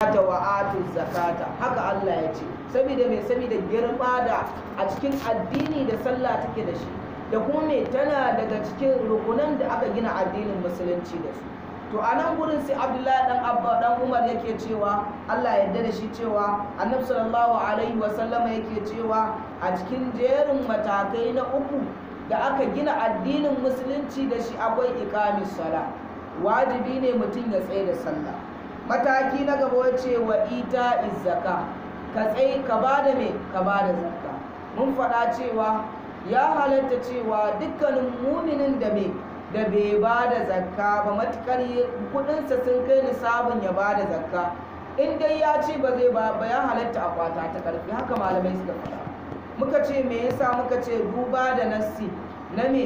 ta wa zakata haka Allah ya ce saboda mai saboda girma da a cikin addini da sallah take da shi da kuma mai tana daga cikin rukunan da aka gina addinin musulunci da su to a nan gurin sai Abdullahi dan Abba dan Umar yake cewa Allah ya yarda da shi cewa Annabi sallallahu alaihi wa sallama yake cewa a cikin jerin matakai na uku da aka gina addinin musulunci da shi akwai iqamis sala wajibi ne mutum ya tsaya da sallah mataki na gaba wace wa ita izaka ka tsaye ka bada me ka bada zakka mun faɗa cewa ya halatta cewa dukkanin muminin da me da bai bada zakka ba matukar kudinsa sun kai nisabin ya bada zakka in dai ya ce ba zai ba ya halatta akwata ta karfi haka malamai suka faɗa muka ce me yasa muka ce duba da nassi na me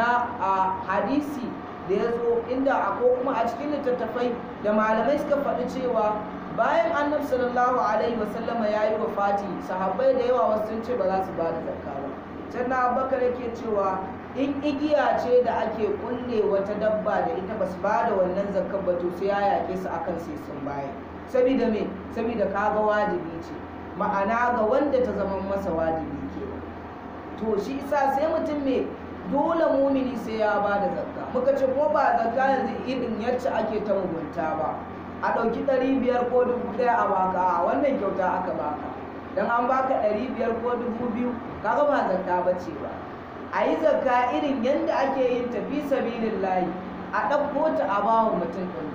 na a hadisi da ya zo inda a ko kuma a cikin littattafai da malamai suka faɗi cewa bayan annabi sallallahu alaihi wasallama ya yi wa Fati sahabbai da yawa wasu sun ce ba za su ba da zakka ba can na abubakar yake cewa in igiya ce da ake kunne wata dabba da ita ba su ba da wannan zakkan ba to sai ya yaƙe su akan sai sun baya sabida me sabida kaga wajibi ce ma'ana ga wanda ta zama masa wajibi ke to shi isa sai mutum me dole mumini sai ya ba da zakka muka ce ko ba zakka yanzu irin yacce ake ta mugunta ba a ɗauki ɗari biyar ko dubu ɗaya a baka a wannan kyauta aka baka don an baka ɗari biyar ko dubu biyu kaga ba zakka ba ce ba a yi zakka irin yadda ake yin tafi sabilin layi a ɗauko ta a bawa mutum ɗin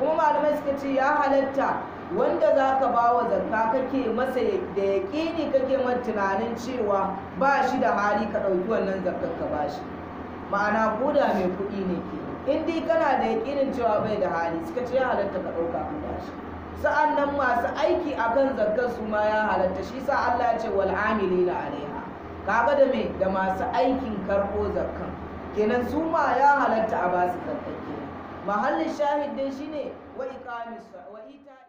kuma malamai suka ce ya halatta wanda za ka ba wa zakka kake masa da yaƙini kake man tunanin cewa ba shi da hali ka ɗauki wannan zakkar ka ba shi ma'ana koda mai kuɗi ne ke in dai kana da yaƙinin cewa bai da hali suka ce ya halatta ka ɗauka ka ba shi sa'an masu aiki akan zakkar su ma ya halatta shi sa Allah ya ce wal la alaiha kaga da me da masu aikin karɓo zakkan kenan su ma ya halatta a ba su zakkar kenan mahallin shahid dai shine wa iqamis wa ita